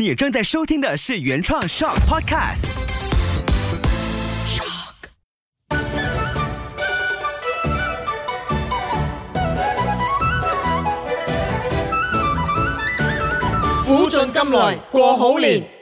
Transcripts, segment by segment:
你正在收聽的是原創《Shock Podcast》。虎進金來，過好年。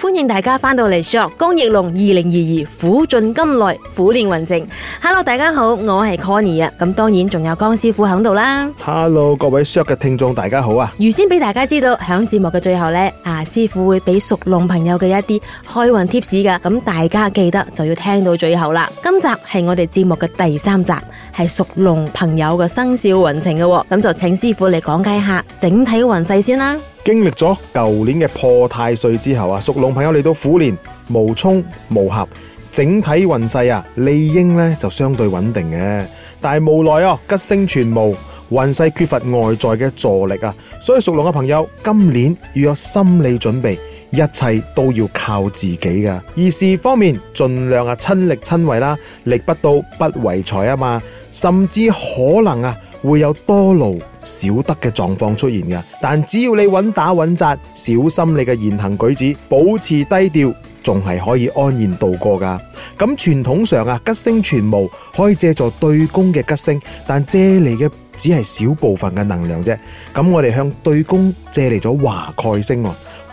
歡迎大家翻到嚟《Shock 江奕龍二零二二，虎進金來虎年運程》。Hello，大家好，我係 Cony 啊。咁當然仲有江師傅喺度啦。Hello，各位 Shock 嘅聽眾，大家好啊。預先俾大家知道，響節目嘅最後咧，啊師傅會俾屬龍朋友嘅一啲開運貼士噶。咁大家記得就要聽到最後啦。今集係我哋節目嘅第三集，係屬龍朋友嘅生肖運程嘅。咁就請師傅嚟講解下整體運勢先啦。經歷咗舊年嘅破太歲之後啊，屬龍朋友嚟到虎年，無衝無合，整體運勢啊，理應咧就相對穩定嘅。但係無奈啊，吉星全無，運勢缺乏外在嘅助力啊，所以屬龍嘅朋友今年要有心理準備，一切都要靠自己噶。而事業方面，盡量啊親力親為啦，力不到不為財啊嘛，甚至可能啊會有多勞。少得嘅狀況出現噶，但只要你穩打穩紮，小心你嘅言行舉止，保持低調，仲係可以安然度過噶。咁傳統上啊，吉星全無，可以借助對宮嘅吉星，但借嚟嘅只係小部分嘅能量啫。咁我哋向對宮借嚟咗華蓋星，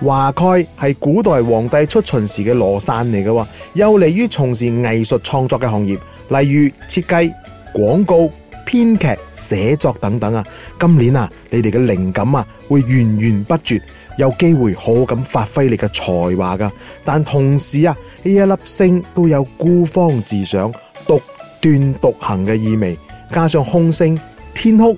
華蓋係古代皇帝出巡時嘅羅傘嚟嘅，又利於從事藝術創作嘅行業，例如設計、廣告。編劇、寫作等等啊，今年啊，你哋嘅靈感啊會源源不絕，有機會好好咁發揮你嘅才華㗎。但同時啊，呢一粒星都有孤芳自賞、獨斷獨行嘅意味，加上空星、天哭、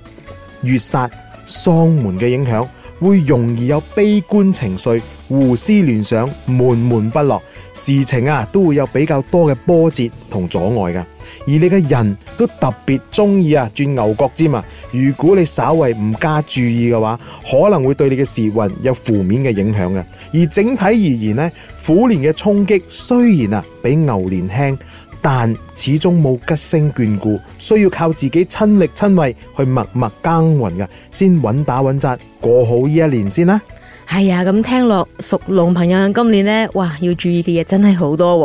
月煞、喪門嘅影響。會容易有悲觀情緒、胡思亂想、悶悶不樂，事情啊都會有比較多嘅波折同阻礙㗎。而你嘅人都特別中意啊轉牛角尖啊，如果你稍為唔加注意嘅話，可能會對你嘅時運有負面嘅影響嘅。而整體而言咧，虎年嘅衝擊雖然啊比牛年輕。但始終冇吉星眷顧，需要靠自己親力親為去默默耕耘嘅，先穩打穩紮，過好呢一年先啦。係啊，咁、哎、聽落屬龍朋友今年咧，哇，要注意嘅嘢真係好多啊。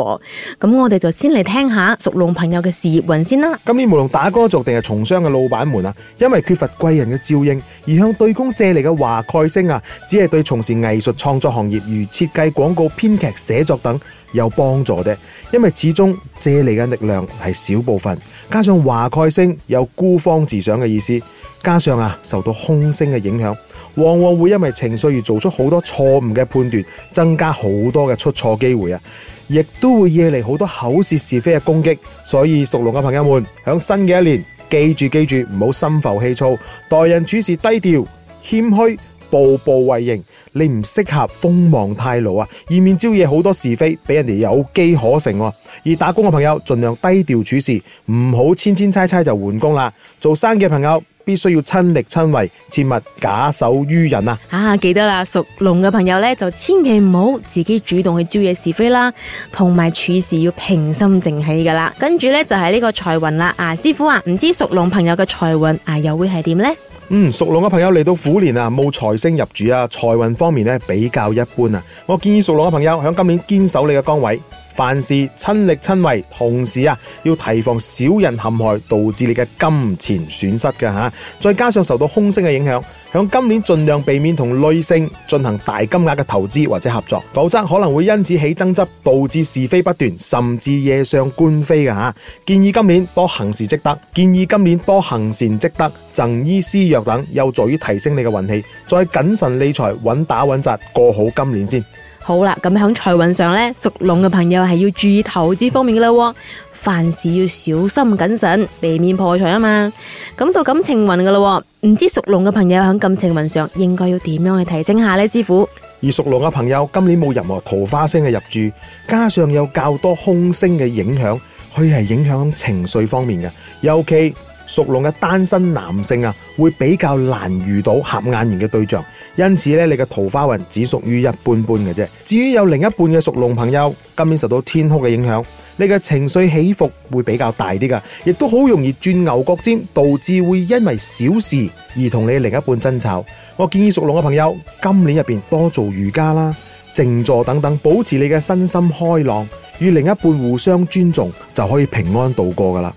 咁我哋就先嚟聽下屬龍朋友嘅事業運先啦。今年無論打歌族定係從商嘅老闆們啊，因為缺乏貴人嘅照應，而向對公借嚟嘅華蓋星啊，只係對從事藝術創作行業如設計、廣告、編劇、寫作等有幫助嘅。因為始終借嚟嘅力量係小部分，加上華蓋星有孤芳自賞嘅意思，加上啊，受到空星嘅影響。往往會因為情緒而做出好多錯誤嘅判斷，增加好多嘅出錯機會啊！亦都會惹嚟好多口舌是非嘅攻擊。所以屬龍嘅朋友們，喺新嘅一年，記住記住，唔好心浮氣躁，待人處事低調謙虛，步步為營。你唔適合鋒芒太露啊，以免招惹好多是非，俾人哋有機可乘喎。而打工嘅朋友，盡量低調處事，唔好千千猜猜就換工啦。做生意嘅朋友，必須要親力親為，切勿假手於人啊！啊，記得啦，屬龍嘅朋友咧，就千祈唔好自己主動去招惹是非啦，同埋處事要平心靜氣噶啦。跟住咧就係、是、呢個財運啦。啊，師傅啊，唔知屬龍朋友嘅財運啊，又會係點呢？嗯，屬龍嘅朋友嚟到虎年啊，冇財星入主啊，財運方面咧比較一般啊。我建議屬龍嘅朋友響今年堅守你嘅崗位。凡事親力親為，同時啊要提防小人陷害，導致你嘅金錢損失嘅吓。再加上受到凶星嘅影響，響今年盡量避免同女性進行大金額嘅投資或者合作，否則可能會因此起爭執，導致是非不斷，甚至惹上官非嘅吓。建議今年多行善積德，建議今年多行善積德，贈醫施藥等，有助於提升你嘅運氣。再謹慎理財，穩打穩紮，過好今年先。好啦，咁喺財運上呢，屬龍嘅朋友係要注意投資方面噶啦，凡事要小心謹慎，避免破財啊嘛。咁到感情運噶啦，唔知屬龍嘅朋友喺感情運上應該要點樣去提升下呢？師傅，而屬龍嘅朋友今年冇任何桃花星嘅入住，加上有較多空星嘅影響，佢係影響情緒方面嘅，尤其。屬龍嘅單身男性啊，會比較難遇到合眼緣嘅對象，因此咧，你嘅桃花運只屬於一般般嘅啫。至於有另一半嘅屬龍朋友，今年受到天空嘅影響，你嘅情緒起伏會比較大啲㗎，亦都好容易轉牛角尖，導致會因為小事而同你另一半爭吵。我建議屬龍嘅朋友，今年入面多做瑜伽啦、靜坐等等，保持你嘅身心開朗，與另一半互相尊重，就可以平安度過㗎喇。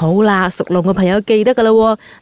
好啦，屬龍嘅朋友記得噶啦，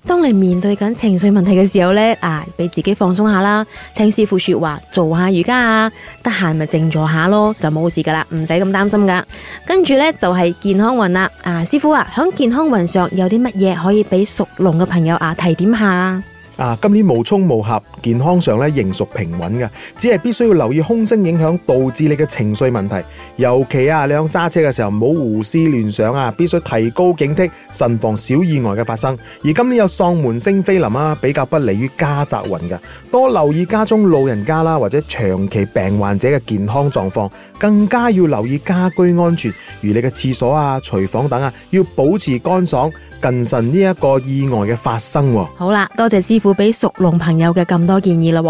當你面對緊情緒問題嘅時候呢，啊，俾自己放鬆下啦，聽師傅說話，做下瑜伽啊，得閒咪靜坐下咯，就冇事噶啦，唔使咁擔心噶。跟住呢，就係健康運啦，啊，師傅啊，響健康運上有啲乜嘢可以俾屬龍嘅朋友啊提點下？啊，今年無沖無合，健康上咧仍屬平穩嘅，只係必須要留意空聲影響，導致你嘅情緒問題。尤其啊，你響揸車嘅時候唔好胡思亂想啊，必須提高警惕，慎防小意外嘅發生。而今年有喪門星飛臨啊，比較不利於家宅運嘅，多留意家中老人家啦或者長期病患者嘅健康狀況，更加要留意家居安全。如你嘅廁所啊、廚房等啊，要保持乾爽，謹慎呢一個意外嘅發生啊。好啦，多謝師傅。俾屬龍朋友嘅咁多建議啦，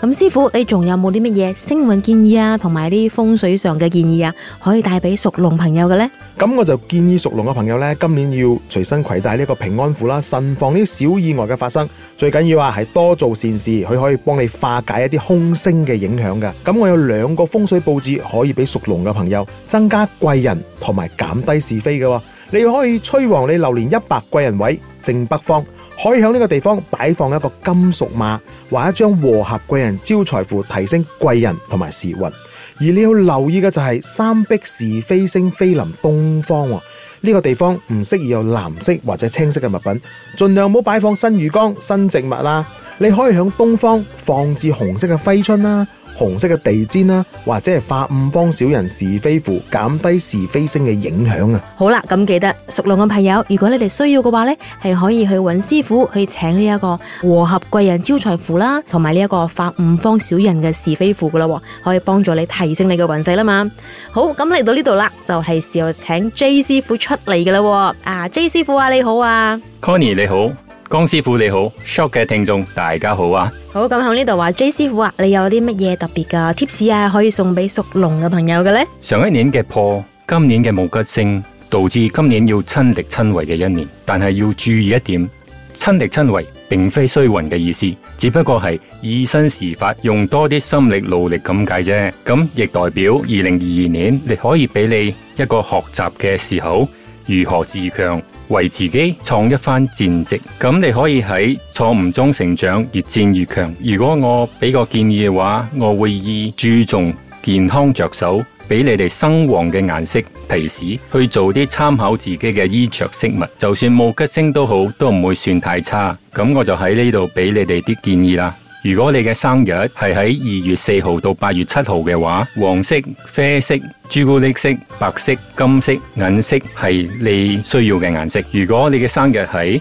咁師傅你仲有冇啲乜嘢星運建議啊，同埋啲風水上嘅建議啊，可以帶俾屬龍朋友嘅咧？咁我就建議屬龍嘅朋友咧，今年要隨身攜帶呢個平安符啦，慎防呢啲小意外嘅發生。最緊要啊，係多做善事，佢可以幫你化解一啲空星嘅影響嘅。咁我有兩個風水佈置可以俾屬龍嘅朋友增加貴人同埋減低是非嘅，你可以催旺你流年一白貴人位，正北方。可以喺呢個地方擺放一個金屬馬，或者一張和合貴人招財符，提升貴人同埋時運。而你要留意嘅就係三碧是非星飛臨東方，呢、這個地方唔適宜有藍色或者青色嘅物品，盡量唔好擺放新魚缸、新植物啦。你可以喺東方放置紅色嘅揮春啦。紅色嘅地氈啦，或者係化五方小人是非符，減低是非星嘅影響啊！好啦，咁記得屬龍嘅朋友，如果你哋需要嘅話呢，係可以去揾師傅去請呢一個和合貴人招財符啦，同埋呢一個化五方小人嘅是非符噶啦，可以幫助你提升你嘅運勢啦嘛！好，咁嚟到呢度啦，就係、是、時候請 J 師傅出嚟噶啦，啊 J 師傅啊，你好啊，Conny 你好。江師傅你好，short 嘅聽眾大家好啊！好咁響呢度話，J 師傅啊，你有啲乜嘢特別嘅 tips 啊，可以送俾屬龍嘅朋友嘅咧？上一年嘅破，今年嘅無吉星，導致今年要親力親為嘅一年。但係要注意一點，親力親為並非衰運嘅意思，只不過係以身試法，用多啲心力、努力咁解啫。咁亦代表二零二二年，你可以俾你一個學習嘅時候，如何自強。為自己創一番戰績，咁你可以喺錯誤中成長，越戰越強。如果我俾個建議嘅話，我會以注重健康着手，俾你哋生黃嘅顏色提示去做啲參考，自己嘅衣着飾物，就算冇吉星都好，都唔會算太差。咁我就喺呢度俾你哋啲建議啦。如果你嘅生日係喺二月四號到八月七號嘅話，黃色、啡色、朱古力色、白色、金色、銀色係你需要嘅顏色。如果你嘅生日喺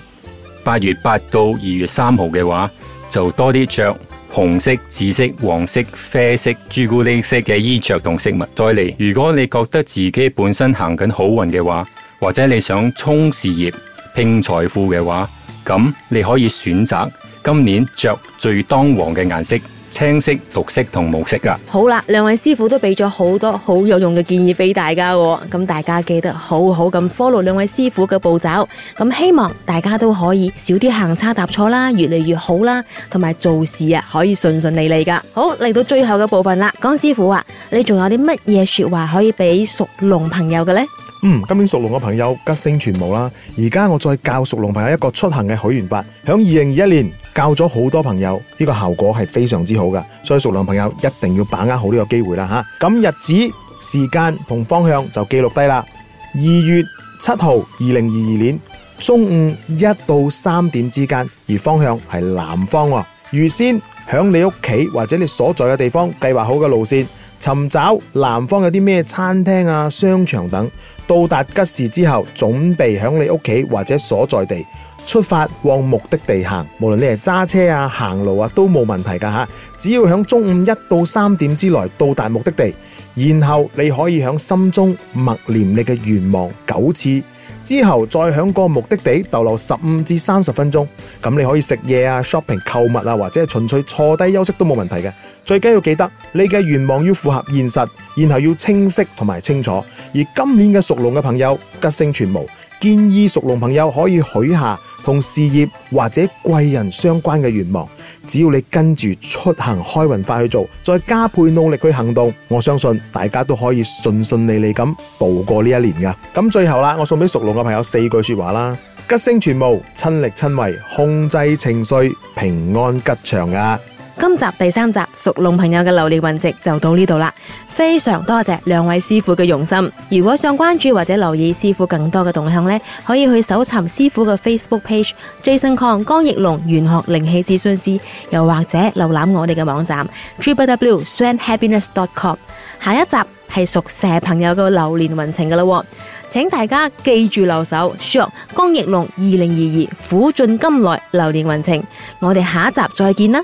八月八到二月三號嘅話，就多啲着紅色、紫色、黃色、啡色、朱古力色嘅衣着同飾物。再嚟，如果你覺得自己本身行緊好運嘅話，或者你想衝事業、拼財富嘅話，咁你可以選擇。今年着最當旺嘅顏色青色、綠色同毛色噶。好啦，兩位師傅都俾咗好多好有用嘅建議俾大家，哦。咁大家記得好好咁 follow 兩位師傅嘅步驟。咁希望大家都可以少啲行差踏錯啦，越嚟越好啦，同埋做事啊可以順順利利噶。好，嚟到最後嘅部分啦，江師傅啊，你仲有啲乜嘢說話可以俾屬龍朋友嘅呢？」嗯，今年屬龍嘅朋友吉星全無啦。而家我再教屬龍朋友一個出行嘅許願法，響二零二一年。教咗好多朋友，呢個效果係非常之好噶，所以屬龍朋友一定要把握好呢個機會啦吓。咁日子、時間同方向就記錄低啦。二月七號，二零二二年中午一到三點之間，而方向係南方。預先響你屋企或者你所在嘅地方計劃好嘅路線，尋找南方有啲咩餐廳啊、商場等。到達吉時之後，準備響你屋企或者所在地。出發往目的地行，無論你係揸車啊、行路啊，都冇問題噶吓。只要響中午一到三點之內到達目的地，然後你可以響心中默念你嘅願望九次之後，再響個目的地逗留十五至三十分鐘。咁你可以食嘢啊、shopping 購物啊，或者係純粹坐低休息都冇問題嘅。最緊要記得你嘅願望要符合現實，然後要清晰同埋清楚。而今年嘅屬龍嘅朋友吉星全無，建議屬龍朋友可以許下。同事業或者貴人相關嘅願望，只要你跟住出行開運法去做，再加倍努力去行動，我相信大家都可以順順利利咁度過呢一年噶。咁最後啦，我送俾屬龍嘅朋友四句說話啦：吉星全無，親力親為，控制情緒，平安吉祥啊！今集第三集屬龍朋友嘅流年運程就到呢度啦。非常多謝兩位師傅嘅用心。如果想關注或者留意師傅更多嘅動向呢，可以去搜尋師傅嘅 Facebook page Jason Kong 江奕龍玄學靈氣諮詢師，又或者瀏覽我哋嘅網站 www.sweethappiness.com。下一集係屬蛇朋友嘅流年運程噶啦，請大家記住留守。s h o 祝江奕龍二零二二虎進金來，流年運程。我哋下一集再見啦。